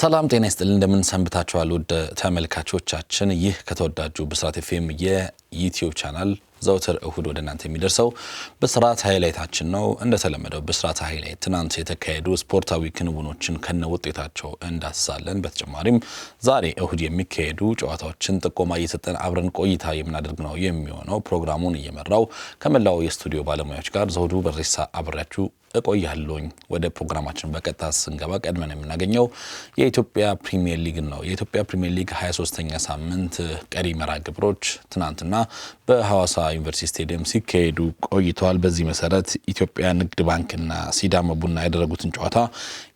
ሰላም ጤና ይስጥል እንደምን ሰንብታችኋል? ውድ ተመልካቾቻችን ይህ ከተወዳጁ ብስራት ኤፍኤም የዩቲዩብ ቻናል ዘውትር እሁድ ወደ እናንተ የሚደርሰው ብስራት ሃይላይታችን ነው። እንደተለመደው ብስራት ሃይላይት ትናንት የተካሄዱ ስፖርታዊ ክንውኖችን ከነ ውጤታቸው እንዳስሳለን። በተጨማሪም ዛሬ እሁድ የሚካሄዱ ጨዋታዎችን ጥቆማ እየሰጠን አብረን ቆይታ የምናደርግ ነው የሚሆነው። ፕሮግራሙን እየመራው ከመላው የስቱዲዮ ባለሙያዎች ጋር ዘውዱ በሬሳ አብሬያችሁ እቆያለሁኝ። ወደ ፕሮግራማችን በቀጥታ ስንገባ ቀድመን የምናገኘው የኢትዮጵያ ፕሪሚየር ሊግን ነው። የኢትዮጵያ ፕሪሚየር ሊግ 23ኛ ሳምንት ቀሪ መራ ግብሮች ትናንትና በሐዋሳ ዩኒቨርሲቲ ስቴዲየም ሲካሄዱ ቆይተዋል። በዚህ መሰረት ኢትዮጵያ ንግድ ባንክና ሲዳማ ቡና ያደረጉትን ጨዋታ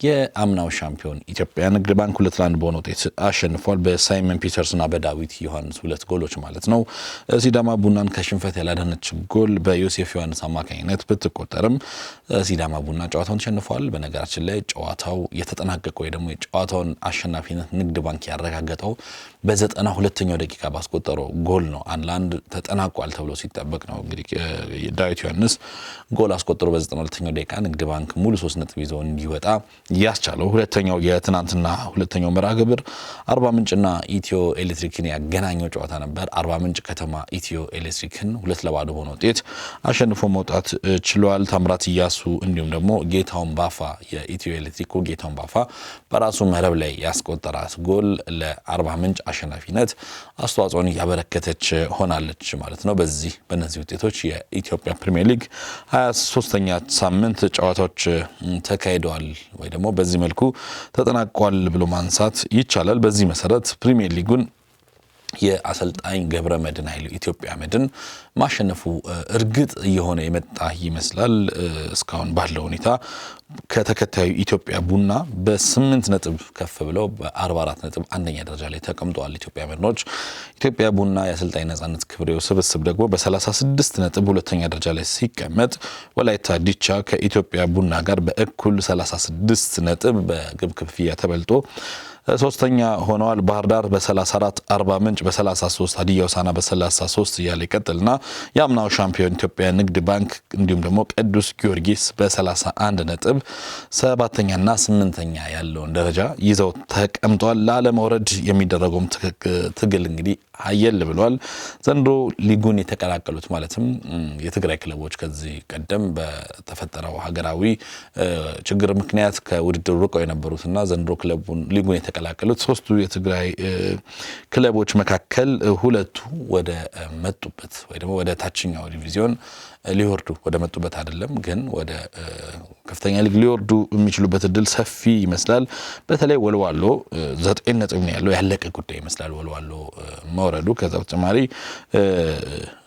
የአምናው ሻምፒዮን ኢትዮጵያ ንግድ ባንክ ሁለት ለአንድ በሆነ ውጤት አሸንፏል። በሳይመን ፒተርስና በዳዊት ዮሐንስ ሁለት ጎሎች ማለት ነው። ሲዳማ ቡናን ከሽንፈት ያላዳነች ጎል በዮሴፍ ዮሐንስ አማካኝነት ብትቆጠርም ሲዳ ሲዳማ ቡና ጨዋታውን ተሸንፏል። በነገራችን ላይ ጨዋታው የተጠናቀቀ ወይ ደግሞ የጨዋታውን አሸናፊነት ንግድ ባንክ ያረጋገጠው በዘጠና ሁለተኛው ደቂቃ ባስቆጠረው ጎል ነው። አንድ ለአንድ ተጠናቋል ተብሎ ሲጠበቅ ነው እንግዲህ ዳዊት ዮሐንስ ጎል አስቆጥሮ በዘጠና ሁለተኛው ደቂቃ ንግድ ባንክ ሙሉ ሶስት ነጥብ ይዞ እንዲወጣ ያስቻለው ሁለተኛው የትናንትና ሁለተኛው መርሃ ግብር አርባ ምንጭና ኢትዮ ኤሌክትሪክን ያገናኘው ጨዋታ ነበር። አርባ ምንጭ ከተማ ኢትዮ ኤሌክትሪክን ሁለት ለባዶ በሆነ ውጤት አሸንፎ መውጣት ችሏል። ታምራት እያሱ እንዲ እንዲሁም ደግሞ ጌታውን ባፋ የኢትዮ ኤሌክትሪኩ ጌታውን ባፋ በራሱ መረብ ላይ ያስቆጠራት ጎል ለአርባ ምንጭ አሸናፊነት አስተዋጽኦን እያበረከተች ሆናለች ማለት ነው። በዚህ በእነዚህ ውጤቶች የኢትዮጵያ ፕሪሚየር ሊግ 23ኛ ሳምንት ጨዋታዎች ተካሂደዋል ወይ ደግሞ በዚህ መልኩ ተጠናቋል ብሎ ማንሳት ይቻላል። በዚህ መሰረት ፕሪሚየር ሊጉን የአሰልጣኝ ገብረ መድን ኃይሉ ኢትዮጵያ መድን ማሸነፉ እርግጥ እየሆነ የመጣ ይመስላል። እስካሁን ባለው ሁኔታ ከተከታዩ ኢትዮጵያ ቡና በስምንት ነጥብ ከፍ ብለው በ44 ነጥብ አንደኛ ደረጃ ላይ ተቀምጠዋል ኢትዮጵያ መድኖች። ኢትዮጵያ ቡና የአሰልጣኝ ነጻነት ክብሬው ስብስብ ደግሞ በ36 ነጥብ ሁለተኛ ደረጃ ላይ ሲቀመጥ ወላይታ ዲቻ ከኢትዮጵያ ቡና ጋር በእኩል 36 ነጥብ በግብ ክፍያ ተበልጦ ሶስተኛ ሆነዋል። ባህር ዳር በ34 አርባ ምንጭ በ33 ሀዲያ ሆሳዕና በ33 እያለ ይቀጥልና የአምናው ሻምፒዮን ኢትዮጵያ ንግድ ባንክ እንዲሁም ደግሞ ቅዱስ ጊዮርጊስ በ31 ነጥብ ሰባተኛና ስምንተኛ ያለውን ደረጃ ይዘው ተቀምጧል። ላለመውረድ የሚደረገውም ትግል እንግዲህ አየል ብሏል። ዘንድሮ ሊጉን የተቀላቀሉት ማለትም የትግራይ ክለቦች ከዚህ ቀደም በተፈጠረው ሀገራዊ ችግር ምክንያት ከውድድሩ ርቀው የነበሩትና ዘንድሮ ክለቡን ሊጉን የተቀላቀሉት ሶስቱ የትግራይ ክለቦች መካከል ሁለቱ ወደ መጡበት ወይ ደግሞ ወደ ታችኛው ዲቪዚዮን ሊወርዱ ወደ መጡበት አይደለም ግን ወደ ከፍተኛ ሊግ ሊወርዱ የሚችሉበት እድል ሰፊ ይመስላል። በተለይ ወልዋሎ ዘጠኝ ነጥብ ነው ያለው ያለቀ ጉዳይ ይመስላል ወልዋሎ መውረዱ። ከዛ በተጨማሪ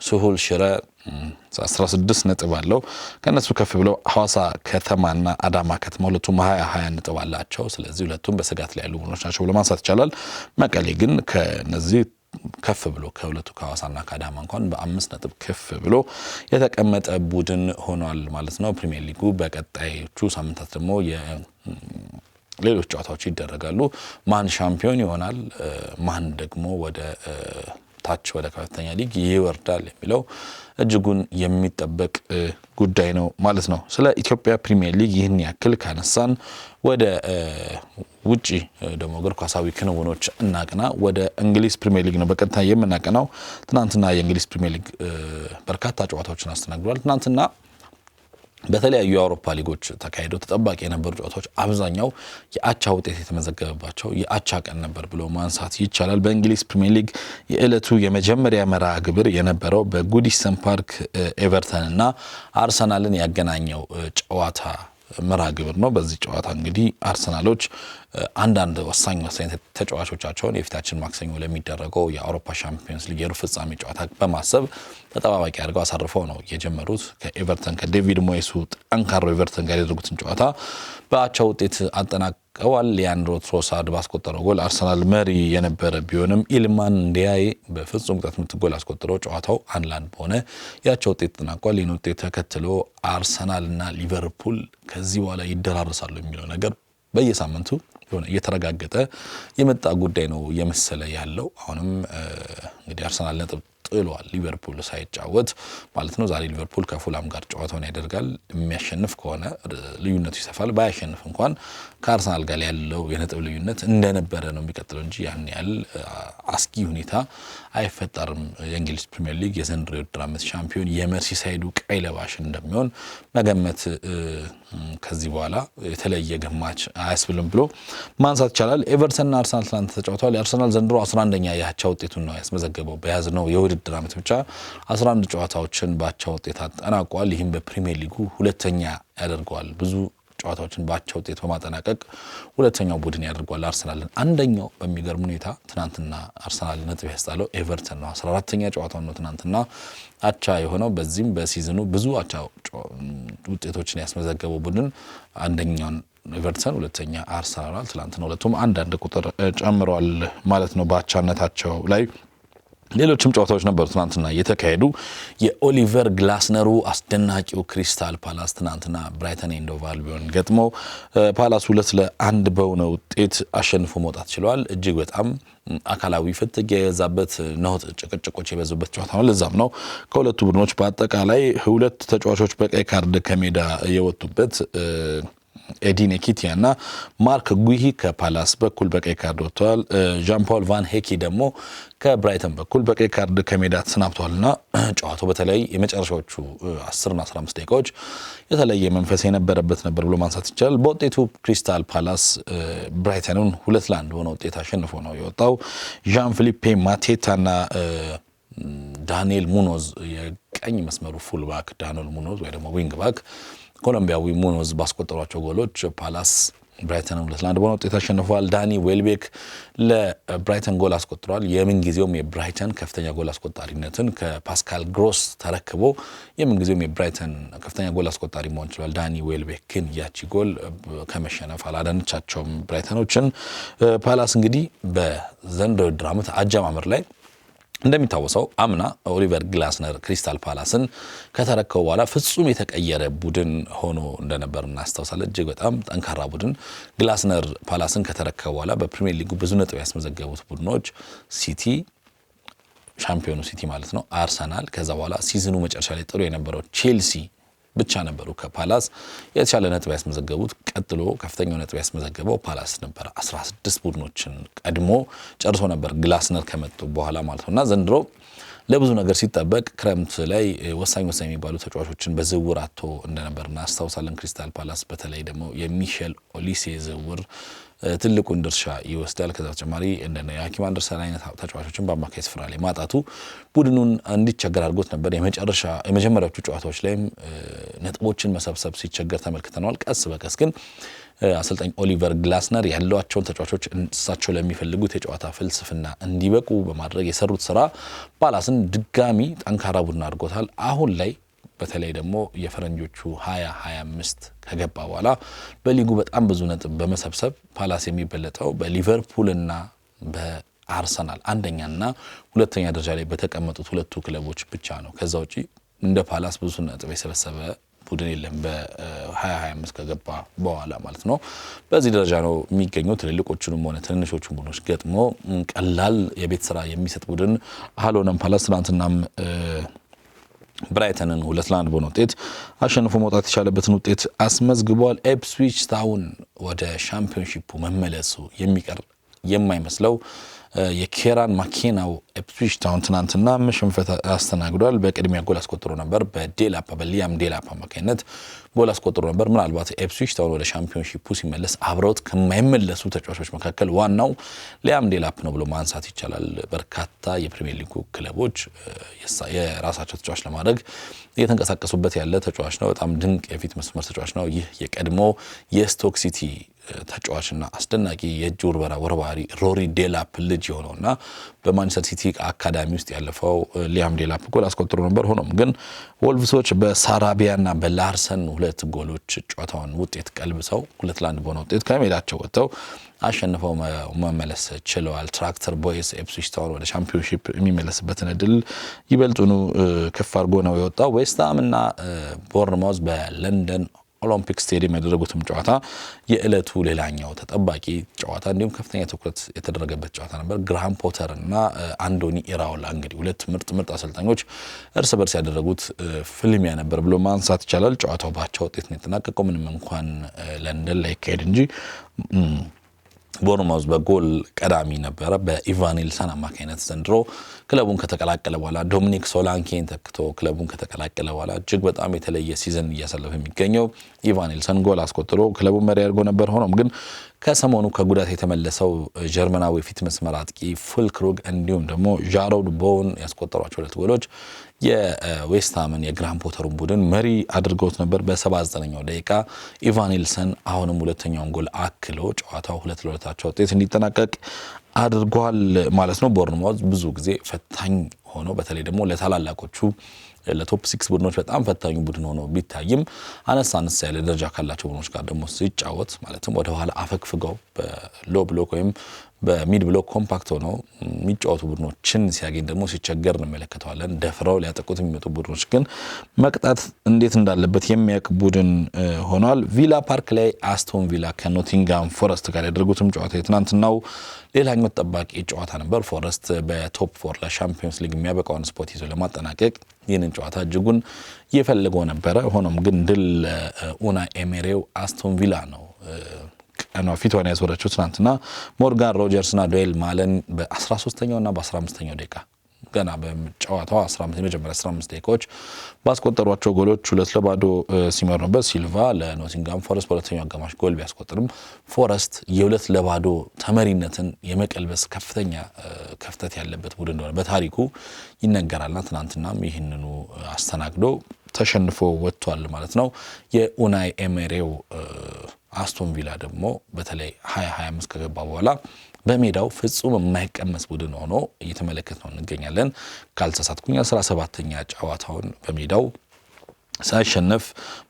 ስሁል ሽረ 16 ነጥብ አለው። ከእነሱ ከፍ ብለው ሐዋሳ ከተማና አዳማ ከተማ ሁለቱም ሀያ ሀያ ነጥብ አላቸው። ስለዚህ ሁለቱም በስጋት ላይ ያሉ ቡድኖች ናቸው ብሎ ማንሳት ይቻላል። መቀሌ ግን ከነዚህ ከፍ ብሎ ከሁለቱ ከሐዋሳና ከአዳማ እንኳን በአምስት ነጥብ ከፍ ብሎ የተቀመጠ ቡድን ሆኗል ማለት ነው። ፕሪሚየር ሊጉ በቀጣዮቹ ሳምንታት ደግሞ ሌሎች ጨዋታዎች ይደረጋሉ። ማን ሻምፒዮን ይሆናል፣ ማን ደግሞ ወደ ታች ወደ ከፍተኛ ሊግ ይወርዳል የሚለው እጅጉን የሚጠበቅ ጉዳይ ነው ማለት ነው። ስለ ኢትዮጵያ ፕሪሚየር ሊግ ይህን ያክል ካነሳን ወደ ውጪ ደግሞ እግር ኳሳዊ ክንውኖች እናቅና። ወደ እንግሊዝ ፕሪሚየር ሊግ ነው በቀጥታ የምናቀናው። ትናንትና የእንግሊዝ ፕሪሚየር ሊግ በርካታ ጨዋታዎችን አስተናግዷል። ትናንትና በተለያዩ የአውሮፓ ሊጎች ተካሂደው ተጠባቂ የነበሩ ጨዋታዎች አብዛኛው የአቻ ውጤት የተመዘገበባቸው የአቻ ቀን ነበር ብሎ ማንሳት ይቻላል። በእንግሊዝ ፕሪሚየር ሊግ የዕለቱ የመጀመሪያ መርሃ ግብር የነበረው በጉዲሰን ፓርክ ኤቨርተንና አርሰናልን ያገናኘው ጨዋታ መርሃ ግብር ነው። በዚህ ጨዋታ እንግዲህ አርሰናሎች አንዳንድ ወሳኝ ወሳኝ ተጫዋቾቻቸውን የፊታችን ማክሰኞ ለሚደረገው የአውሮፓ ሻምፒዮንስ ሊግ የሩብ ፍጻሜ ጨዋታ በማሰብ ተጠባባቂ አድርገው አሳርፈው ነው የጀመሩት። ከኤቨርተን ከዴቪድ ሞይሱ ጠንካራው ኤቨርተን ጋር ያደረጉትን ጨዋታ በአቻ ውጤት አጠናቅ ቀዋል ሊያንድሮ ትሮሳርድ ባስቆጠረው ጎል አርሰናል መሪ የነበረ ቢሆንም ኢልማን እንዲያይ በፍጹም ቅጣት ምት ጎል አስቆጥረው ጨዋታው አንድ ለአንድ በሆነ ያቸው ውጤት ተጠናቋል። ይህን ውጤት ተከትሎ አርሰናልና ሊቨርፑል ከዚህ በኋላ ይደራረሳሉ የሚለው ነገር በየሳምንቱ የሆነ እየተረጋገጠ የመጣ ጉዳይ ነው እየመሰለ ያለው። አሁንም እንግዲህ አርሰናል ነጥብ ጥሏል፣ ሊቨርፑል ሳይጫወት ማለት ነው። ዛሬ ሊቨርፑል ከፉላም ጋር ጨዋታውን ያደርጋል። የሚያሸንፍ ከሆነ ልዩነቱ ይሰፋል፣ ባያሸንፍ እንኳን ከአርሰናል ጋር ያለው የነጥብ ልዩነት እንደነበረ ነው የሚቀጥለው እንጂ ያን ያህል አስጊ ሁኔታ አይፈጠርም። የእንግሊዝ ፕሪምየር ሊግ የዘንድሮ የውድድር ዓመት ሻምፒዮን የመርሲሳይዱ ቀይ ለባሽ እንደሚሆን መገመት ከዚህ በኋላ የተለየ ግማች አያስብልም ብሎ ማንሳት ይቻላል። ኤቨርተንና አርሰናል ትናንት ተጫውተዋል። የአርሰናል ዘንድሮ 11ኛ የአቻ ውጤቱን ነው ያስመዘገበው። በያዝነው የውድድር ዓመት ብቻ 11 ጨዋታዎችን በአቻ ውጤት አጠናቋል። ይህም በፕሪምየር ሊጉ ሁለተኛ ያደርገዋል ብዙ ጨዋታዎችን በአቻ ውጤት በማጠናቀቅ ሁለተኛው ቡድን ያደርጓል አርሰናልን። አንደኛው በሚገርም ሁኔታ ትናንትና አርሰናል ነጥብ ያስጣለው ኤቨርተን ነው። 14ተኛ ጨዋታውን ነው ትናንትና አቻ የሆነው። በዚህም በሲዝኑ ብዙ አቻ ውጤቶችን ያስመዘገበው ቡድን አንደኛውን ኤቨርተን፣ ሁለተኛ አርሰናል። ትናንትና ሁለቱም አንዳንድ ቁጥር ጨምረዋል ማለት ነው በአቻነታቸው ላይ ሌሎችም ጨዋታዎች ነበሩ ትናንትና የተካሄዱ። የኦሊቨር ግላስነሩ አስደናቂው ክሪስታል ፓላስ ትናንትና ብራይተን ኤንዶቫል ሆቭ ገጥሞ ፓላስ ሁለት ለአንድ በሆነ ውጤት አሸንፎ መውጣት ችለዋል። እጅግ በጣም አካላዊ ፍትግ የበዛበት ነውጥ፣ ጭቅጭቆች የበዙበት ጨዋታ ነው። ለዛም ነው ከሁለቱ ቡድኖች በአጠቃላይ ሁለት ተጫዋቾች በቀይ ካርድ ከሜዳ የወጡበት ኤዲን ኤኪቲያ እና ማርክ ጉሂ ከፓላስ በኩል በቀይ ካርድ ወጥተዋል። ዣን ፓውል ቫን ሄኪ ደግሞ ከብራይተን በኩል በቀይ ካርድ ከሜዳ ተሰናብተዋል እና ጨዋታው በተለይ የመጨረሻዎቹ 10ና 15 ደቂቃዎች የተለየ መንፈስ የነበረበት ነበር ብሎ ማንሳት ይቻላል። በውጤቱ ክሪስታል ፓላስ ብራይተንን ሁለት ለአንድ በሆነ ውጤት አሸንፎ ነው የወጣው። ዣን ፊሊፔ ማቴታና ዳንኤል ሙኖዝ የቀኝ መስመሩ ፉልባክ ዳንኤል ሙኖዝ ወይ ደግሞ ዊንግ ባክ ኮሎምቢያዊ ሙኖዝ ባስቆጠሯቸው ጎሎች ፓላስ ብራይተን ሁለት ለአንድ በሆነ ውጤት አሸንፏል። ዳኒ ዌልቤክ ለብራይተን ጎል አስቆጥሯል። የምንጊዜውም የብራይተን ከፍተኛ ጎል አስቆጣሪነትን ከፓስካል ግሮስ ተረክቦ የምንጊዜውም የብራይተን ከፍተኛ ጎል አስቆጣሪ መሆን ችሏል። ዳኒ ዌልቤክ ግን ያቺ ጎል ከመሸነፍ አላዳነቻቸውም ብራይተኖችን። ፓላስ እንግዲህ በዘንድሮ ዓመት አጀማመር ላይ እንደሚታወሰው አምና ኦሊቨር ግላስነር ክሪስታል ፓላስን ከተረከቡ በኋላ ፍጹም የተቀየረ ቡድን ሆኖ እንደነበር እናስታውሳለን። እጅግ በጣም ጠንካራ ቡድን። ግላስነር ፓላስን ከተረከቡ በኋላ በፕሪሚየር ሊጉ ብዙ ነጥብ ያስመዘገቡት ቡድኖች ሲቲ ሻምፒዮኑ ሲቲ ማለት ነው፣ አርሰናል፣ ከዛ በኋላ ሲዝኑ መጨረሻ ላይ ጥሩ የነበረው ቼልሲ ብቻ ነበሩ ከፓላስ የተሻለ ነጥብ ያስመዘገቡት። ቀጥሎ ከፍተኛው ነጥብ ያስመዘገበው ፓላስ ነበር። 16 ቡድኖችን ቀድሞ ጨርሶ ነበር ግላስነር ከመጡ በኋላ ማለት ነው እና ዘንድሮ ለብዙ ነገር ሲጠበቅ ክረምት ላይ ወሳኝ ወሳኝ የሚባሉ ተጫዋቾችን በዝውውር አቶ እንደነበር እናስታውሳለን። ክሪስታል ፓላስ በተለይ ደግሞ የሚሸል ኦሊሴ ዝውውር ትልቁን ድርሻ ይወስዳል። ከዛ በተጨማሪ እንደ የሀኪም አንደርሰን አይነት ተጫዋቾችን በአማካይ ስፍራ ላይ ማጣቱ ቡድኑን እንዲቸገር አድርጎት ነበር። የመጨረሻ የመጀመሪያዎቹ ጨዋታዎች ላይም ነጥቦችን መሰብሰብ ሲቸገር ተመልክተነዋል። ቀስ በቀስ ግን አሰልጣኝ ኦሊቨር ግላስነር ያሏቸውን ተጫዋቾች እሳቸው ለሚፈልጉት የጨዋታ ፍልስፍና እንዲበቁ በማድረግ የሰሩት ስራ ፓላስን ድጋሚ ጠንካራ ቡድን አድርጎታል። አሁን ላይ በተለይ ደግሞ የፈረንጆቹ 2025 ከገባ በኋላ በሊጉ በጣም ብዙ ነጥብ በመሰብሰብ ፓላስ የሚበለጠው በሊቨርፑልና በአርሰናል አንደኛና ሁለተኛ ደረጃ ላይ በተቀመጡት ሁለቱ ክለቦች ብቻ ነው። ከዛ ውጪ እንደ ፓላስ ብዙ ነጥብ የሰበሰበ ቡድን የለም። በ2025 ከገባ በኋላ ማለት ነው። በዚህ ደረጃ ነው የሚገኘው ትልልቆቹንም ሆነ ትንንሾቹን ቡድኖች ገጥሞ ቀላል የቤት ስራ የሚሰጥ ቡድን አልሆነም ፓላስ ትናንትናም ብራይተንን ሁለት ለአንድ በሆነ ውጤት አሸንፎ መውጣት የቻለበትን ውጤት አስመዝግቧል። ኤፕስዊች ታውን ወደ ሻምፒዮንሺፑ መመለሱ የሚቀር የማይመስለው የኬራን ማኬናው ኤፕስዊች ታውን ትናንትና ሽንፈት አስተናግዷል። በቅድሚያ ጎል አስቆጥሮ ነበር በዴላፓ በሊያም ዴላፓ አማካኝነት ጎል አስቆጥሮ ነበር። ምናልባት ኤፕስዊች ታውን ወደ ሻምፒዮንሺፑ ሲመለስ አብረውት ከማይመለሱ ተጫዋቾች መካከል ዋናው ሊያም ዴላፕ ነው ብሎ ማንሳት ይቻላል። በርካታ የፕሪሚየር ሊጉ ክለቦች የራሳቸው ተጫዋች ለማድረግ እየተንቀሳቀሱበት ያለ ተጫዋች ነው። በጣም ድንቅ የፊት መስመር ተጫዋች ነው። ይህ የቀድሞ የስቶክ ሲቲ ተጫዋችና አስደናቂ የእጅ ውርበራ ወርባሪ ሮሪ ዴላፕ ልጅ የሆነው የሆነውና በማንቸስተር ሲቲ አካዳሚ ውስጥ ያለፈው ሊያም ዴላፕ ጎል አስቆጥሮ ነበር። ሆኖም ግን ወልቭሶች በሳራቢያና በላርሰን በሁለት ጎሎች ጨዋታውን ውጤት ቀልብሰው ሁለት ለአንድ በሆነ ውጤት ከሜዳቸው ወጥተው አሸንፈው መመለስ ችለዋል። ትራክተር ቦይስ ኤፕስዊች ታውን ወደ ሻምፒዮንሺፕ የሚመለስበትን እድል ይበልጡኑ ከፍ አድርጎ ነው የወጣው። ዌስትሃም እና ቦርንማውዝ በለንደን ኦሎምፒክ ስቴዲየም ያደረጉትም ጨዋታ የዕለቱ ሌላኛው ተጠባቂ ጨዋታ እንዲሁም ከፍተኛ ትኩረት የተደረገበት ጨዋታ ነበር። ግራሃም ፖተር እና አንዶኒ ኢራውላ እንግዲህ ሁለት ምርጥ ምርጥ አሰልጣኞች እርስ በርስ ያደረጉት ፍልሚያ ነበር ብሎ ማንሳት ይቻላል። ጨዋታው ባቻ ውጤት ነው የተጠናቀቀው። ምንም እንኳን ለንደን ላይ ይካሄድ እንጂ ቦርማውዝ በጎል ቀዳሚ ነበረ። በኢቫኒልሰን አማካኝነት ዘንድሮ ክለቡን ከተቀላቀለ በኋላ ዶሚኒክ ሶላንኬን ተክቶ ክለቡን ከተቀላቀለ በኋላ እጅግ በጣም የተለየ ሲዝን እያሳለፈ የሚገኘው ኢቫኒልሰን ጎል አስቆጥሮ ክለቡን መሪ አድርጎ ነበር። ሆኖም ግን ከሰሞኑ ከጉዳት የተመለሰው ጀርመናዊ ፊት መስመር አጥቂ ፉልክሩግ እንዲሁም ደግሞ ጃሮድ ቦውን ያስቆጠሯቸው ሁለት ጎሎች የዌስትሃምን የግራሃም ፖተሩን ቡድን መሪ አድርገውት ነበር። በ79ኛው ደቂቃ ኢቫን ኒልሰን አሁንም ሁለተኛውን ጎል አክሎ ጨዋታው ሁለት ለሁለታቸው ውጤት እንዲጠናቀቅ አድርጓል ማለት ነው። ቦርንማውዝ ብዙ ጊዜ ፈታኝ ሆኖ በተለይ ደግሞ ለታላላቆቹ ለቶፕ ሲክስ ቡድኖች በጣም ፈታኙ ቡድን ሆኖ ቢታይም አነስ አነስ ያለ ደረጃ ካላቸው ቡድኖች ጋር ደግሞ ሲጫወት ማለትም ወደኋላ አፈግፍገው በሎ ብሎክ ወይም በሚድ ብሎክ ኮምፓክት ሆነው የሚጫወቱ ቡድኖችን ሲያገኝ ደግሞ ሲቸገር እንመለከተዋለን። ደፍረው ሊያጠቁት የሚመጡ ቡድኖች ግን መቅጣት እንዴት እንዳለበት የሚያውቅ ቡድን ሆኗል። ቪላ ፓርክ ላይ አስቶን ቪላ ከኖቲንጋም ፎረስት ጋር ያደረጉትም ጨዋታ የትናንትናው ሌላኛው ተጠባቂ ጨዋታ ነበር። ፎረስት በቶፕ ፎር ለሻምፒዮንስ ሊግ የሚያበቃውን ስፖት ይዞ ለማጠናቀቅ ይህንን ጨዋታ እጅጉን እየፈልገው ነበረ። ሆኖም ግን ድል ኡና ኤሜሬው አስቶን ቪላ ነው ቀኗ ፊቷን ያዞረችው። ትናንትና ሞርጋን ሮጀርስና ዶዌል ማለን በ13ኛውና በ15ኛው ደቂቃ ገና በጨዋታው 15 የመጀመሪያ 15 ደቂቃዎች ባስቆጠሯቸው ጎሎች ሁለት ለባዶ ሲመሩበት ሲልቫ ለኖቲንጋም ፎረስት በሁለተኛው አጋማሽ ጎል ቢያስቆጥርም ፎረስት የሁለት ለባዶ ተመሪነትን የመቀልበስ ከፍተኛ ከፍተት ያለበት ቡድን እንደሆነ በታሪኩ ይነገራልና ትናንትናም ይህንኑ አስተናግዶ ተሸንፎ ወጥቷል ማለት ነው። የኡናይ ኤሜሬው አስቶን ቪላ ደግሞ በተለይ 2025 ከገባ በኋላ በሜዳው ፍጹም የማይቀመስ ቡድን ሆኖ እየተመለከት ነው እንገኛለን። ካልተሳትኩኝ አስራ ሰባተኛ ጨዋታውን በሜዳው ሳይሸነፍ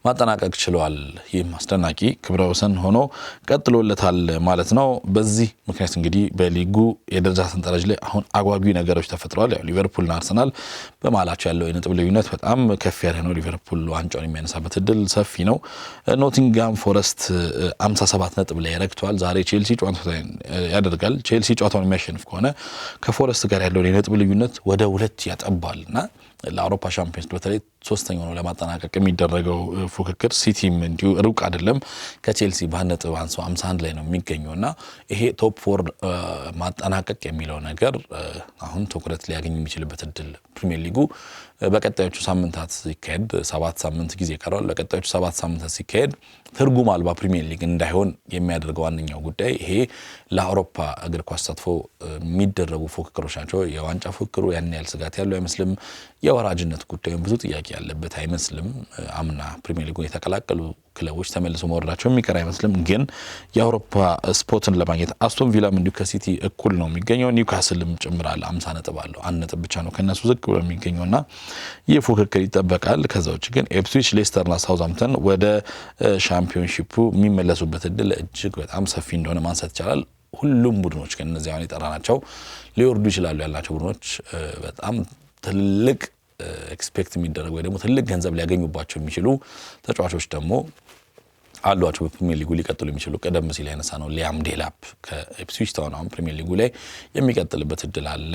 ማጠናቀቅ ችሏል። ይህም አስደናቂ ክብረ ወሰን ሆኖ ቀጥሎለታል ማለት ነው። በዚህ ምክንያት እንግዲህ በሊጉ የደረጃ ሰንጠረዥ ላይ አሁን አጓጊ ነገሮች ተፈጥረዋል። ያው ሊቨርፑልና አርሰናል በመሀላቸው ያለው የነጥብ ልዩነት በጣም ከፍ ያለ ነው። ሊቨርፑል ዋንጫውን የሚያነሳበት እድል ሰፊ ነው። ኖቲንጋም ፎረስት 57 ነጥብ ላይ ረግቷል። ዛሬ ቼልሲ ጨዋታውን ያደርጋል። ቼልሲ ጨዋታውን የሚያሸንፍ ከሆነ ከፎረስት ጋር ያለውን የነጥብ ልዩነት ወደ ሁለት ያጠባል ለአውሮፓ ሻምፒዮንስ በተለይ ሶስተኛ ነው ለማጠናቀቅ የሚደረገው ፉክክር ሲቲም እንዲሁ ሩቅ አይደለም ከቼልሲ በአንድ ነጥብ ሃምሳ ላይ ነው የሚገኘው እና ይሄ ቶፕ ፎር ማጠናቀቅ የሚለው ነገር አሁን ትኩረት ሊያገኝ የሚችልበት እድል ፕሪሚየር ሊጉ በቀጣዮቹ ሳምንታት ሲካሄድ ሰባት ሳምንት ጊዜ ቀረዋል። በቀጣዮቹ ሰባት ሳምንታት ሲካሄድ ትርጉም አልባ ፕሪሚየር ሊግ እንዳይሆን የሚያደርገው ዋነኛው ጉዳይ ይሄ ለአውሮፓ እግር ኳስ ተሳትፎ የሚደረጉ ፉክክሮች ናቸው። የዋንጫ ፉክክሩ ያን ያህል ስጋት ያለው አይመስልም። የወራጅነት ጉዳዩም ብዙ ጥያቄ ያለበት አይመስልም። አምና ፕሪሚየር ሊጉን የተቀላቀሉ ክለቦች ተመልሶ መውረዳቸው የሚቀር አይመስልም። ግን የአውሮፓ ስፖርትን ለማግኘት አስቶን ቪላም እንዲሁ ከሲቲ እኩል ነው የሚገኘው። ኒውካስልም ጭምራል አምሳ ነጥብ አለው። አንድ ነጥብ ብቻ ነው ከእነሱ ዝቅ ብሎ የሚገኘው ና ይህ ፉክክር ይጠበቃል። ከዛ ውጭ ግን ኤፕስዊች፣ ሌስተርና ሳውዛምተን ወደ ሻምፒዮንሺፑ የሚመለሱበት እድል እጅግ በጣም ሰፊ እንደሆነ ማንሳት ይቻላል። ሁሉም ቡድኖች ግን እነዚህ አሁን የጠራ ናቸው ሊወርዱ ይችላሉ ያላቸው ቡድኖች በጣም ትልቅ ኤክስፔክት የሚደረግ ወይ ደግሞ ትልቅ ገንዘብ ሊያገኙባቸው የሚችሉ ተጫዋቾች ደግሞ አሏቸው በፕሪሚየር ሊጉ ሊቀጥሉ የሚችሉ ቀደም ሲል ያነሳ ነው ሊያም ዴላፕ ከኤፕስዊች ታውን አሁን ፕሪሚየር ሊጉ ላይ የሚቀጥልበት እድል አለ።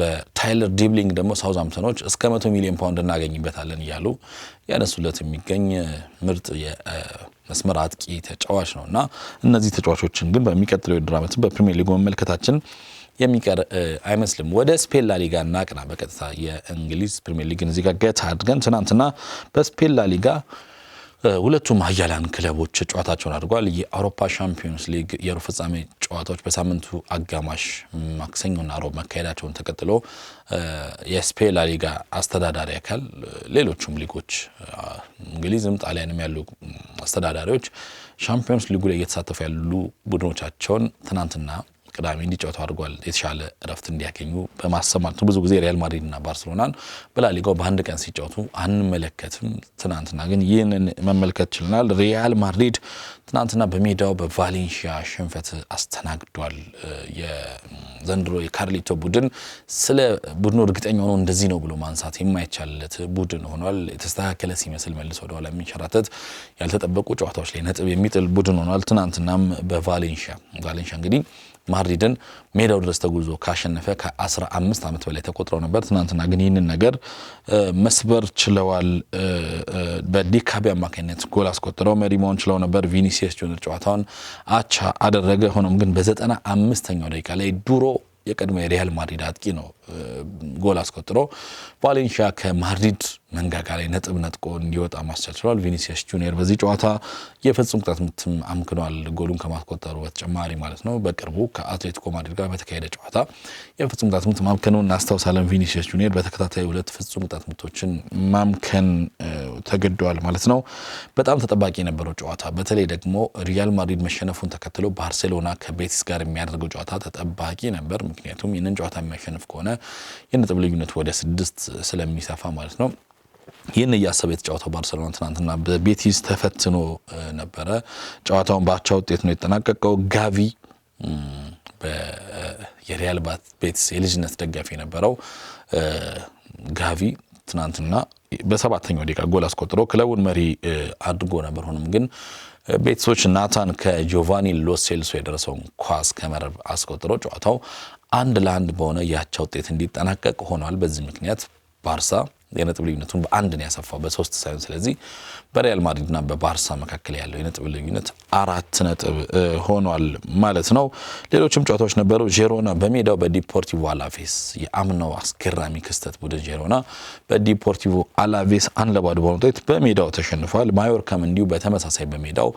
በታይለር ዲብሊንግ ደግሞ ሳውዝሃምፕተኖች እስከ መቶ ሚሊዮን ፓውንድ እናገኝበታለን እያሉ ያነሱለት የሚገኝ ምርጥ መስመር አጥቂ ተጫዋች ነው እና እነዚህ ተጫዋቾችን ግን በሚቀጥለው የውድድር ዓመት በፕሪሚየር ሊጉ መመልከታችን የሚቀር አይመስልም። ወደ ስፔን ላሊጋ እናቅና። በቀጥታ የእንግሊዝ ፕሪሚየር ሊግን እዚጋ ገታ አድርገን ትናንትና በስፔን ላሊጋ ሁለቱም ሀያላን ክለቦች ጨዋታቸውን አድርጓል። የአውሮፓ ሻምፒዮንስ ሊግ የሩብ ፍጻሜ ጨዋታዎች በሳምንቱ አጋማሽ ማክሰኞና ሮብ መካሄዳቸውን ተቀጥሎ የስፔ ላሊጋ አስተዳዳሪ አካል ሌሎቹም ሊጎች እንግሊዝም ጣሊያንም ያሉ አስተዳዳሪዎች ሻምፒዮንስ ሊጉ ላይ እየተሳተፉ ያሉ ቡድኖቻቸውን ትናንትና ቅዳሜ እንዲጫወቱ አድርጓል። የተሻለ እረፍት እንዲያገኙ በማሰብ ማለት ነው። ብዙ ጊዜ ሪያል ማድሪድና ባርሴሎናን በላሊጋው በአንድ ቀን ሲጫወቱ አንመለከትም። ትናንትና ግን ይህንን መመልከት ችለናል። ሪያል ማድሪድ ትናንትና በሜዳው በቫሌንሺያ ሽንፈት አስተናግዷል። የዘንድሮ የካርሊቶ ቡድን ስለ ቡድኑ እርግጠኛ ሆኖ እንደዚህ ነው ብሎ ማንሳት የማይቻልለት ቡድን ሆኗል። የተስተካከለ ሲመስል መልሶ ወደኋላ የሚንሸራተት ያልተጠበቁ ጨዋታዎች ላይ ነጥብ የሚጥል ቡድን ሆኗል። ትናንትናም በቫሌንሺያ ቫሌንሺያ እንግዲህ ማድሪድን ሜዳው ድረስ ተጉዞ ካሸነፈ ከ15 ዓመት በላይ ተቆጥረው ነበር። ትናንትና ግን ይህንን ነገር መስበር ችለዋል። በዲካቢ አማካኝነት ጎል አስቆጥረው መሪ መሆን ችለው ነበር። ቪኒሲየስ ጆነር ጨዋታውን አቻ አደረገ። ሆኖም ግን በዘጠና አምስተኛው ደቂቃ ላይ ዱሮ የቀድሞ የሪያል ማድሪድ አጥቂ ነው ጎል አስቆጥሮ ቫሌንሺያ ከማድሪድ መንጋጋ ላይ ነጥብ ነጥቆ እንዲወጣ ማስቻል ችሏል። ቪኒሲየስ ጁኒየር በዚህ ጨዋታ የፍጹም ቅጣት ምትም አምክኗል፣ ጎሉን ከማስቆጠሩ በተጨማሪ ማለት ነው። በቅርቡ ከአትሌቲኮ ማድሪድ ጋር በተካሄደ ጨዋታ የፍጹም ቅጣት ምት ማምከኑ እናስታውሳለን። ቪኒሲየስ ጁኒየር በተከታታይ ሁለት ፍጹም ቅጣት ምቶችን ማምከን ተገደዋል ማለት ነው። በጣም ተጠባቂ የነበረው ጨዋታ በተለይ ደግሞ ሪያል ማድሪድ መሸነፉን ተከትሎ ባርሴሎና ከቤቲስ ጋር የሚያደርገው ጨዋታ ተጠባቂ ነበር። ምክንያቱም ይህንን ጨዋታ የሚያሸንፍ ከሆነ የነጥብ ልዩነት ወደ ስድስት ስለሚሰፋ ማለት ነው። ይህን እያሰበ የተጫወተው ባርሰሎና ትናንትና በቤቲስ ተፈትኖ ነበረ። ጨዋታውን በአቻ ውጤት ነው የተጠናቀቀው። ጋቪ የሪያል ቤቲስ የልጅነት ደጋፊ የነበረው ጋቪ ትናንትና በሰባተኛው ደቂቃ ጎል አስቆጥሮ ክለቡን መሪ አድርጎ ነበር። ሆኖም ግን ቤቲሶች ናታን ከጆቫኒ ሎሴልሶ የደረሰውን ኳስ ከመረብ አስቆጥሮ ጨዋታው አንድ ለአንድ በሆነ ያቻ ውጤት እንዲጠናቀቅ ሆኗል። በዚህ ምክንያት ባርሳ የነጥብ ልዩነቱን በአንድ ነው ያሰፋው፣ በሶስት ሳይሆን። ስለዚህ በሪያል ማድሪድና በባርሳ መካከል ያለው የነጥብ ልዩነት አራት ነጥብ ሆኗል ማለት ነው። ሌሎችም ጨዋታዎች ነበሩ። ጄሮና በሜዳው በዲፖርቲቮ አላቬስ የአምናው አስገራሚ ክስተት ቡድን ጄሮና በዲፖርቲቮ አላቬስ አንድ ለባዶ በሆነ ውጤት በሜዳው ተሸንፏል። ማዮርካም እንዲሁ በተመሳሳይ በሜዳው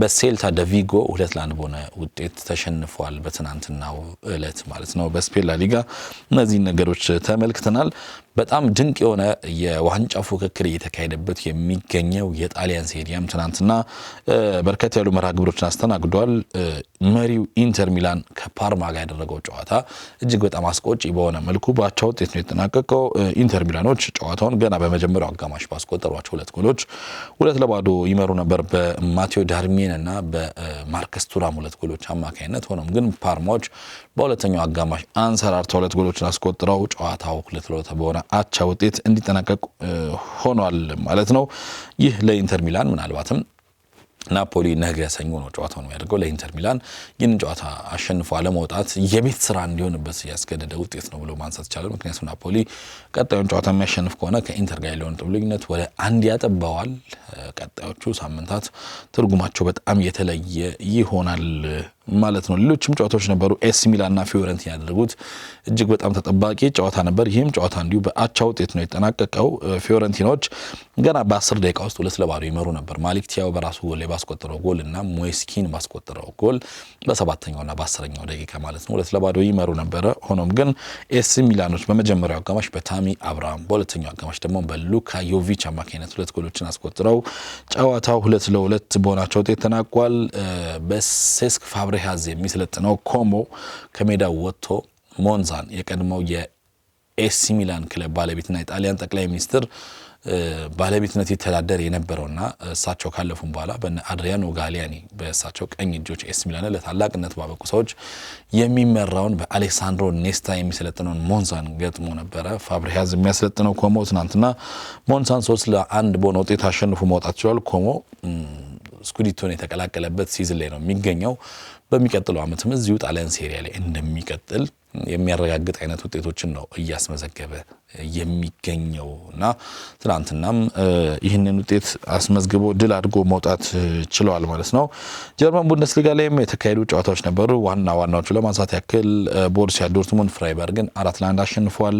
በሴልታ ደቪጎ ሁለት ለአንድ በሆነ ውጤት ተሸንፏል። በትናንትናው እለት ማለት ነው። በስፔን ላሊጋ እነዚህን ነገሮች ተመልክተናል። በጣም ድንቅ የሆነ የዋንጫ ፉክክር እየተካሄደበት የሚገኘው የጣሊያን ሴሪያም ትናንትና በርከት ያሉ መርሃ ግብሮችን አስተናግዷል። መሪው ኢንተር ሚላን ከፓርማ ጋር ያደረገው ጨዋታ እጅግ በጣም አስቆጪ በሆነ መልኩ በአቻ ውጤት ነው የተጠናቀቀው። ኢንተር ሚላኖች ጨዋታውን ገና በመጀመሪያው አጋማሽ ባስቆጠሯቸው ሁለት ጎሎች ሁለት ለባዶ ይመሩ ነበር በማቴዎ ዳርሜን እና በማርከስ ቱራም ሁለት ጎሎች አማካኝነት። ሆኖም ግን ፓርማዎች በሁለተኛው አጋማሽ አንሰራርተው ሁለት ጎሎችን አስቆጥረው ጨዋታው ሁለት ለሁለት በሆነ አቻ ውጤት እንዲጠናቀቅ ሆኗል ማለት ነው። ይህ ለኢንተር ሚላን ምናልባትም ናፖሊ ነገ ሰኞ ነው ጨዋታው ነው ያደርገው። ለኢንተር ሚላን ይህንን ጨዋታ አሸንፎ አለመውጣት የቤት ስራ እንዲሆንበት ያስገደደ ውጤት ነው ብሎ ማንሳት ይቻላል። ምክንያቱም ናፖሊ ቀጣዩን ጨዋታ የሚያሸንፍ ከሆነ ከኢንተር ጋር ያለውን ነጥብ ልዩነት ወደ አንድ ያጠባዋል። ቀጣዮቹ ሳምንታት ትርጉማቸው በጣም የተለየ ይሆናል ማለት ነው። ሌሎችም ጨዋታዎች ነበሩ። ኤሲ ሚላን ና ፊዮረንቲና ያደረጉት እጅግ በጣም ተጠባቂ ጨዋታ ነበር። ይህም ጨዋታ እንዲሁ በአቻ ውጤት ነው የጠናቀቀው። ፊዮረንቲኖች ገና በአስር ደቂቃ ውስጥ ሁለት ለባዶ ይመሩ ነበር። ማሊክ ቲያው በራሱ ጎል ባስቆጠረው ጎል እና ሞይስኪን ባስቆጠረው ጎል በሰባተኛውና በአስረኛው ደቂቃ ማለት ነው ሁለት ለባዶ ይመሩ ነበረ። ሆኖም ግን ኤሲ ሚላኖች በመጀመሪያው አጋማሽ በታሚ አብርሃም፣ በሁለተኛው አጋማሽ ደግሞ በሉካ ዮቪች አማካኝነት ሁለት ጎሎችን አስቆጥረው ጨዋታው ሁለት ለሁለት በሆናቸው ውጤት ተናቋል። በሴስክ አብርሃዝ የሚሰለጥነው ኮሞ ከሜዳው ወጥቶ ሞንዛን የቀድሞው የኤሲ ሚላን ክለብ ባለቤትና የጣሊያን ጠቅላይ ሚኒስትር ባለቤትነት ይተዳደር የነበረውና እሳቸው ካለፉም በኋላ በነ አድሪያኖ ጋሊያኒ በእሳቸው ቀኝ እጆች ኤስ ሚላን ለታላቅነት ባበቁ ሰዎች የሚመራውን በአሌክሳንድሮ ኔስታ የሚሰለጥነውን ሞንዛን ገጥሞ ነበረ። ፋብሪያዝ የሚያሰለጥነው ኮሞ ትናንትና ሞንዛን ሶስት ለአንድ በሆነ ውጤት አሸንፎ መውጣት ችሏል። ኮሞ ስኩዲቶን የተቀላቀለበት ሲዝን ላይ ነው የሚገኘው። በሚቀጥለው ዓመትም እዚሁ ጣሊያን ሴሪያ ላይ እንደሚቀጥል የሚያረጋግጥ አይነት ውጤቶችን ነው እያስመዘገበ የሚገኘው እና ትናንትናም ይህንን ውጤት አስመዝግቦ ድል አድርጎ መውጣት ችለዋል ማለት ነው። ጀርመን ቡንደስሊጋ ላይም የተካሄዱ ጨዋታዎች ነበሩ። ዋና ዋናዎቹ ለማንሳት ያክል ቦሩሲያ ዶርትሙንድ ፍራይበርግን አራት ለአንድ አሸንፏል።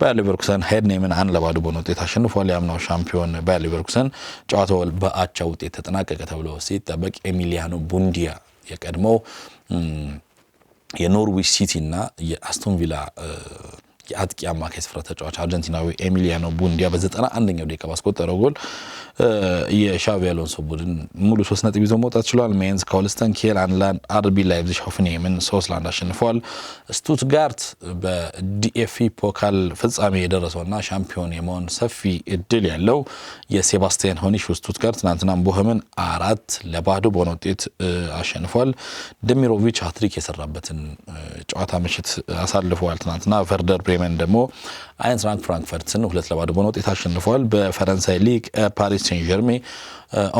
ባየር ሌቨርኩሰን ሄድኔምን አንድ ለባዶ በሆነ ውጤት አሸንፏል። የአምናው ሻምፒዮን ባየር ሌቨርኩሰን ጨዋታው በአቻ ውጤት ተጠናቀቀ ተብሎ ሲጠበቅ ኤሚሊያኖ ቡንዲያ የቀድሞ የኖርዊች ሲቲ እና የአስቶንቪላ የአጥቂ አማካይ ስፍራ ተጫዋች አርጀንቲናዊ ኤሚሊያኖ ቡንዲያ በዘጠና አንደኛው ደቂቃ ባስቆጠረው ጎል የሻቪ አሎንሶ ቡድን ሙሉ ሶስት ነጥብ ይዞ መውጣት ችሏል። ሜንዝ ከሆልስተን ኬል አንላንድ አርቢ ላይፕዚግ ሆፍንሄምን ሶስት ለአንድ አሸንፏል። ስቱትጋርት በዲኤፍኢ ፖካል ፍጻሜ የደረሰውና ሻምፒዮን የመሆን ሰፊ እድል ያለው የሴባስቲያን ሆኒሽ ስቱትጋርት ትናንትናም ቦህምን አራት ለባዶ በሆነ ውጤት አሸንፏል። ደሚሮቪች ሀትሪክ የሰራበትን ጨዋታ ምሽት አሳልፈዋል። ትናንትና ቨርደር ብሬመን ደግሞ አይንትራንክ ፍራንክፈርትን ሁለት ለባዶ በሆነ ውጤት አሸንፏል። በፈረንሳይ ሊግ ፓሪስ ሴን ጀርሜ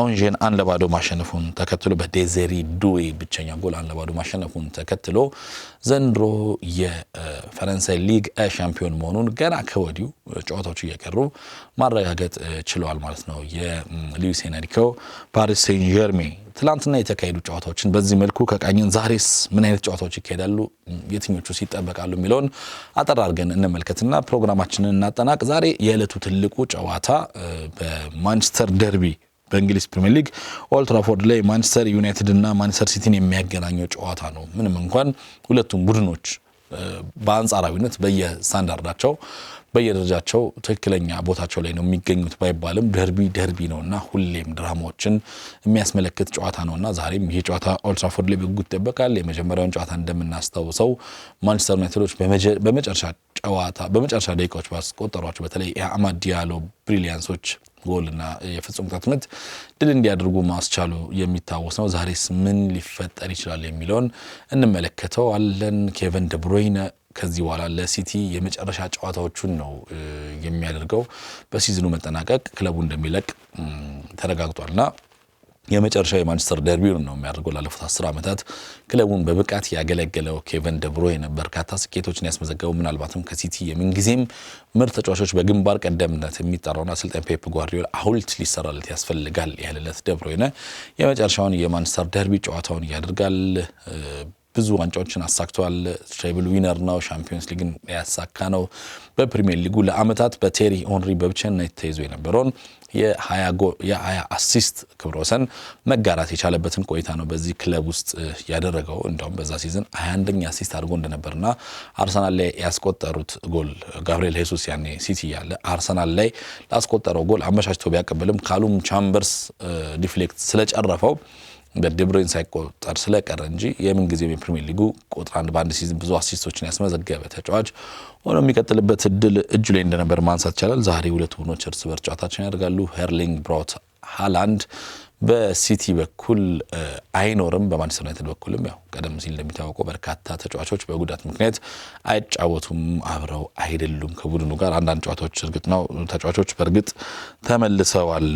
ኦንዥን አንድ ለባዶ ማሸነፉን ተከትሎ በዴዜሪ ዱዌ ብቸኛ ጎል አንድ ለባዶ ማሸነፉን ተከትሎ ዘንድሮ የፈረንሳይ ሊግ ሻምፒዮን መሆኑን ገና ከወዲሁ ጨዋታዎቹ እየቀሩ ማረጋገጥ ችለዋል ማለት ነው። የሉዊስ ኤንሪኮ ፓሪስ ሴን ጀርሜ ትላንትና የተካሄዱ ጨዋታዎችን በዚህ መልኩ ከቃኝን፣ ዛሬስ ምን አይነት ጨዋታዎች ይካሄዳሉ፣ የትኞቹ ይጠበቃሉ የሚለውን አጠራርገን እንመልከትና ፕሮግራማችንን እናጠናቅ። ዛሬ የዕለቱ ትልቁ ጨዋታ በማንቸስተር ደርቢ በእንግሊዝ ፕሪምየር ሊግ ኦልትራፎርድ ላይ ማንቸስተር ዩናይትድ እና ማንቸስተር ሲቲን የሚያገናኘው ጨዋታ ነው። ምንም እንኳን ሁለቱም ቡድኖች በአንጻራዊነት በየስታንዳርዳቸው በየደረጃቸው ትክክለኛ ቦታቸው ላይ ነው የሚገኙት ባይባልም ደርቢ ደርቢ ነውና ሁሌም ድራማዎችን የሚያስመለክት ጨዋታ ነውና ዛሬም ይህ ጨዋታ ኦልትራፎርድ ላይ በጉጉት ይጠበቃል። የመጀመሪያውን ጨዋታ እንደምናስታውሰው ማንቸስተር ዩናይትዶች በመጨረሻ ጨዋታ በመጨረሻ ደቂቃዎች ባስቆጠሯቸው በተለይ የአማድ ዲያሎ ብሪሊያንሶች ጎልና የፍጹም ቅጣት ምት ድል እንዲያደርጉ ማስቻሉ የሚታወስ ነው። ዛሬስ ምን ሊፈጠር ይችላል የሚለውን እንመለከተዋለን። ኬቨን ደብሮይነ ከዚህ በኋላ ለሲቲ የመጨረሻ ጨዋታዎቹን ነው የሚያደርገው። በሲዝኑ መጠናቀቅ ክለቡ እንደሚለቅ ተረጋግጧልና የመጨረሻ የማንቸስተር ደርቢውን ነው የሚያደርገው። ላለፉት አስር ዓመታት ክለቡን በብቃት ያገለገለው ኬቨን ደብሮይነ በርካታ ስኬቶችን ያስመዘገቡ ምናልባትም ከሲቲ የምንጊዜም ምርጥ ተጫዋቾች በግንባር ቀደምነት የሚጠራውን አሰልጣኝ ፔፕ ጓርዲዮል ሐውልት ሊሰራለት ያስፈልጋል ያለለት ደብሮይነ የመጨረሻውን የማንቸስተር ደርቢ ጨዋታውን ያደርጋል። ብዙ ዋንጫዎችን አሳክቷል። ትሬብል ዊነር ነው። ሻምፒዮንስ ሊግን ያሳካ ነው። በፕሪሚየር ሊጉ ለአመታት በቴሪ ኦንሪ በብቸኝነት ተይዞ የነበረውን የሀያ አሲስት ክብረ ወሰን መጋራት የቻለበትን ቆይታ ነው በዚህ ክለብ ውስጥ ያደረገው። እንዲሁም በዛ ሲዝን ሀያ አንደኛ አሲስት አድርጎ እንደነበርና አርሰናል ላይ ያስቆጠሩት ጎል ጋብርኤል ሄሱስ ያኔ ሲቲ ያለ አርሰናል ላይ ላስቆጠረው ጎል አመቻችቶ ቢያቀብልም ካሉም ቻምበርስ ዲፍሌክት ስለጨረፈው በደብሮይን ሳይቆጠር ስለቀረ እንጂ የምን ጊዜ የፕሪሚየር ሊጉ ቁጥር አንድ በአንድ ሲዝን ብዙ አሲስቶችን ያስመዘገበ ተጫዋች ሆኖ የሚቀጥልበት እድል እጁ ላይ እንደነበር ማንሳት ይቻላል። ዛሬ ሁለት ቡድኖች እርስ በርስ ጨዋታቸውን ያደርጋሉ። ሄርሊንግ ብሮት ሃላንድ በሲቲ በኩል አይኖርም። በማንቸስተር ዩናይትድ በኩልም ያው ቀደም ሲል እንደሚታወቀው በርካታ ተጫዋቾች በጉዳት ምክንያት አይጫወቱም፣ አብረው አይደሉም ከቡድኑ ጋር። አንዳንድ ጨዋታዎች እርግጥ ነው ተጫዋቾች በእርግጥ ተመልሰዋል፣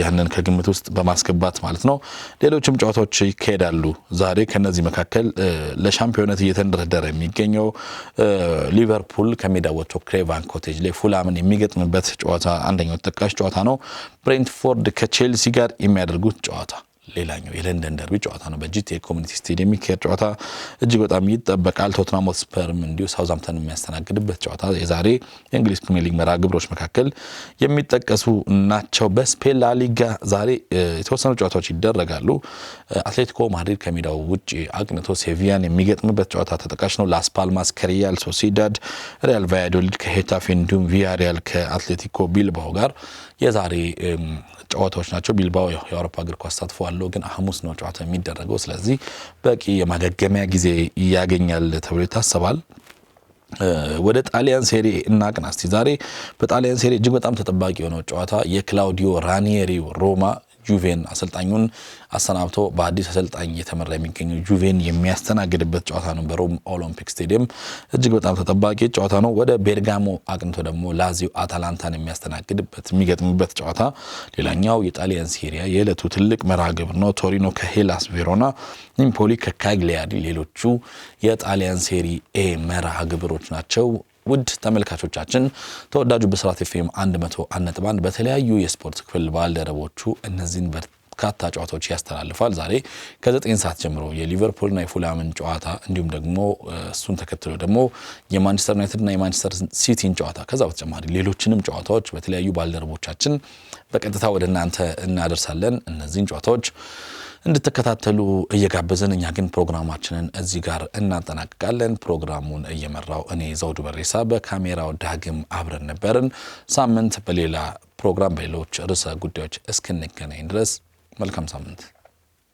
ያንን ከግምት ውስጥ በማስገባት ማለት ነው። ሌሎችም ጨዋታዎች ይካሄዳሉ ዛሬ። ከነዚህ መካከል ለሻምፒዮነት እየተንደረደረ የሚገኘው ሊቨርፑል ከሜዳ ወጥቶ ክሬቫን ኮቴጅ ላይ ፉላምን የሚገጥምበት ጨዋታ አንደኛው ተጠቃሽ ጨዋታ ነው። ብሬንትፎርድ ከቼልሲ ጋር የሚያደርግ የሚያደርጉት ጨዋታ ሌላኛው የለንደን ደርቢ ጨዋታ ነው። በጂቲኤ ኮሚኒቲ ስቴዲየም የሚካሄድ ጨዋታ እጅግ በጣም ይጠበቃል። ቶትናም ሆትስፐርም እንዲሁ ሳውዛምተን የሚያስተናግድበት ጨዋታ የዛሬ የእንግሊዝ ፕሪሚየር ሊግ መርሃ ግብሮች መካከል የሚጠቀሱ ናቸው። በስፔን ላሊጋ ዛሬ የተወሰኑ ጨዋታዎች ይደረጋሉ። አትሌቲኮ ማድሪድ ከሜዳው ውጭ አቅንቶ ሴቪያን የሚገጥምበት ጨዋታ ተጠቃሽ ነው። ላስ ፓልማስ ከሪያል ሶሲዳድ፣ ሪያል ቫያዶሊድ ከሄታፌ እንዲሁም ቪያሪያል ከአትሌቲኮ ቢልባኦ ጋር የዛሬ ጨዋታዎች ናቸው። ቢልባኦ የአውሮፓ እግር ኳስ ተሳትፎ አውቃለሁ፣ ግን ሐሙስ ነው ጨዋታ የሚደረገው። ስለዚህ በቂ የማገገሚያ ጊዜ ያገኛል ተብሎ ይታሰባል። ወደ ጣሊያን ሴሪ እናቅና እስቲ። ዛሬ በጣሊያን ሴሪ እጅግ በጣም ተጠባቂ የሆነው ጨዋታ የክላውዲዮ ራኒየሪው ሮማ ጁቬን አሰልጣኙን አሰናብቶ በአዲስ አሰልጣኝ እየተመራ የሚገኘው ጁቬን የሚያስተናግድበት ጨዋታ ነው በሮም ኦሎምፒክ ስቴዲየም። እጅግ በጣም ተጠባቂ ጨዋታ ነው። ወደ ቤርጋሞ አቅንቶ ደግሞ ላዚዮ አታላንታን የሚያስተናግድበት የሚገጥምበት ጨዋታ ሌላኛው የጣሊያን ሴሪያ የዕለቱ ትልቅ መርሃ ግብር ነው። ቶሪኖ ከሄላስ ቬሮና፣ ናፖሊ ከካግሊያሪ ሌሎቹ የጣሊያን ሴሪ ኤ መርሃ ግብሮች ናቸው። ውድ ተመልካቾቻችን ተወዳጁ ብስራት ኤፍኤም 101.1 በተለያዩ የስፖርት ክፍል ባልደረቦቹ እነዚህን በርካታ ጨዋታዎች ያስተላልፋል። ዛሬ ከ9 ሰዓት ጀምሮ የሊቨርፑልና የፉላምን ጨዋታ እንዲሁም ደግሞ እሱን ተከትሎ ደግሞ የማንቸስተር ዩናይትድና የማንቸስተር ሲቲን ጨዋታ ከዛ በተጨማሪ ሌሎችንም ጨዋታዎች በተለያዩ ባልደረቦቻችን በቀጥታ ወደ እናንተ እናደርሳለን። እነዚህን ጨዋታዎች እንድትከታተሉ እየጋበዝን እኛ ግን ፕሮግራማችንን እዚህ ጋር እናጠናቅቃለን። ፕሮግራሙን እየመራው እኔ ዘውዱ በሬሳ፣ በካሜራው ዳግም አብረን ነበርን። ሳምንት በሌላ ፕሮግራም በሌሎች ርዕሰ ጉዳዮች እስክንገናኝ ድረስ መልካም ሳምንት